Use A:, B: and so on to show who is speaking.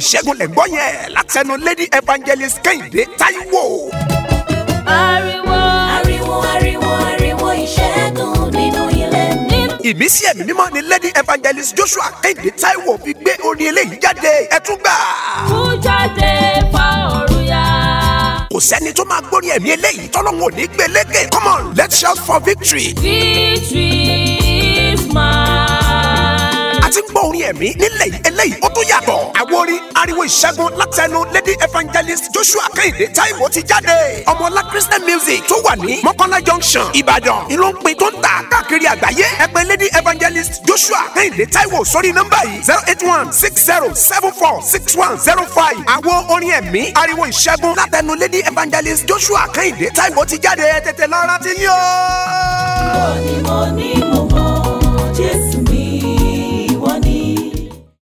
A: ìṣẹ́gun lẹ́gbọ́ yẹn látẹnu lady evangelist kẹ́hìndé táíwò. ariwo ariwo ariwo ariwo ìṣẹ́gun nínú ilé mi. ìmísí ẹ̀mí mímọ́ ni lady evangelist joshua kẹ́hìndé táíwò fi gbé orin eléyìí jáde ẹ tún gbà. kú jáde fa ọ̀run yá. kò sẹ́ni tó máa gbórin ẹ̀mí eléyìí tọ́lọ́wọ́n ò ní gbé lékè come on let's shout for victory. victory. ẹ̀mí nílẹ̀ eléyìí ó tún yàtọ̀. àwórí ariwo ìṣẹ́gun látẹnu lady evangelist joshua kẹ́hìndé táìmù ti jáde. ọmọlá christian music tó wà ní mọ́kànlá junction ìbàdàn ìlú ń pin tó ń tà káàkiri àgbáyé ẹ lady evangelist joshua kẹ́hìndé táìwò sórí nọ́mbà yìí zero eight one six zero seven four six one zero five. àwo orin ẹ̀mí ariwo ìṣẹ́gun látẹnu lady evangelist joshua kẹ́hìndé táìwò ti jáde tètè lọ́ra ti yín o.